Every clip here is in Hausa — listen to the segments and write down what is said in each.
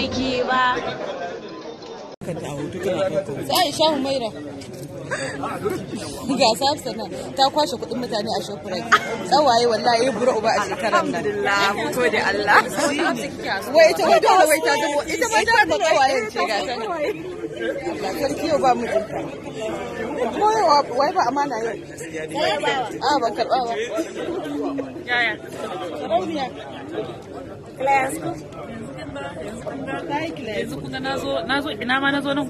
ciki ba Sai Shahu Maira. Ga Safsa nan ta kwashe kuɗin mutane a Tsawaye wallahi ya uba a shekarar nan. Alhamdulillah, yanzu kuna na zo ina ma na zo nan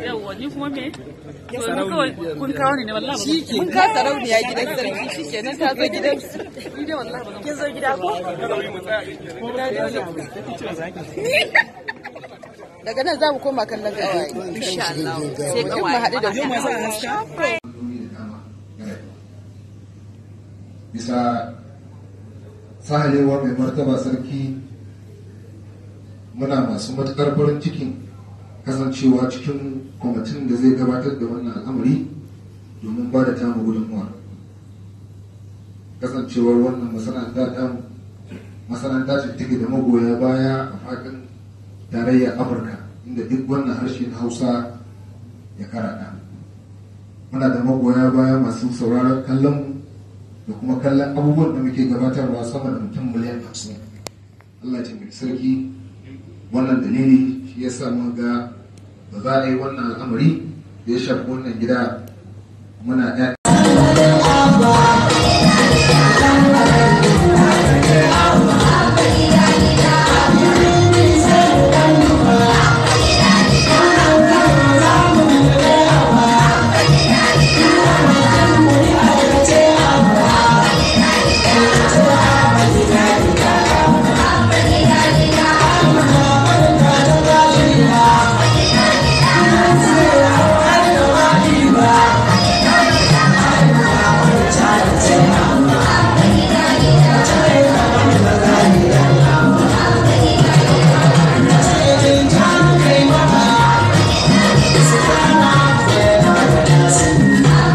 yawa ni kuma me kun kawo ne wallahi shi ke kun kawo gidan sarki shi ke nan ta zo gidan ni dai wallahi kin zo gida ko daga nan za mu koma kallon gawayi insha Allah sai haɗu da kuma bisa mai martaba sarki muna masu matuƙar farin cikin kasancewa cikin kwamitin da zai gabatar da wannan al'amari domin ba da tamu gudunmuwa kasancewar wannan masana'anta masana'anta ce take da magoya baya a faɗin tarayyar afirka inda duk wannan harshen hausa ya karata muna da magoya baya masu sauraron kallon da kuma kallon abubuwan da muke gabatarwa sama da mutum miliyan hamsin allah ce mai sarki wannan dalili shi ya sa ga ba za a yi wannan al'amari da ya shafi wannan gida muna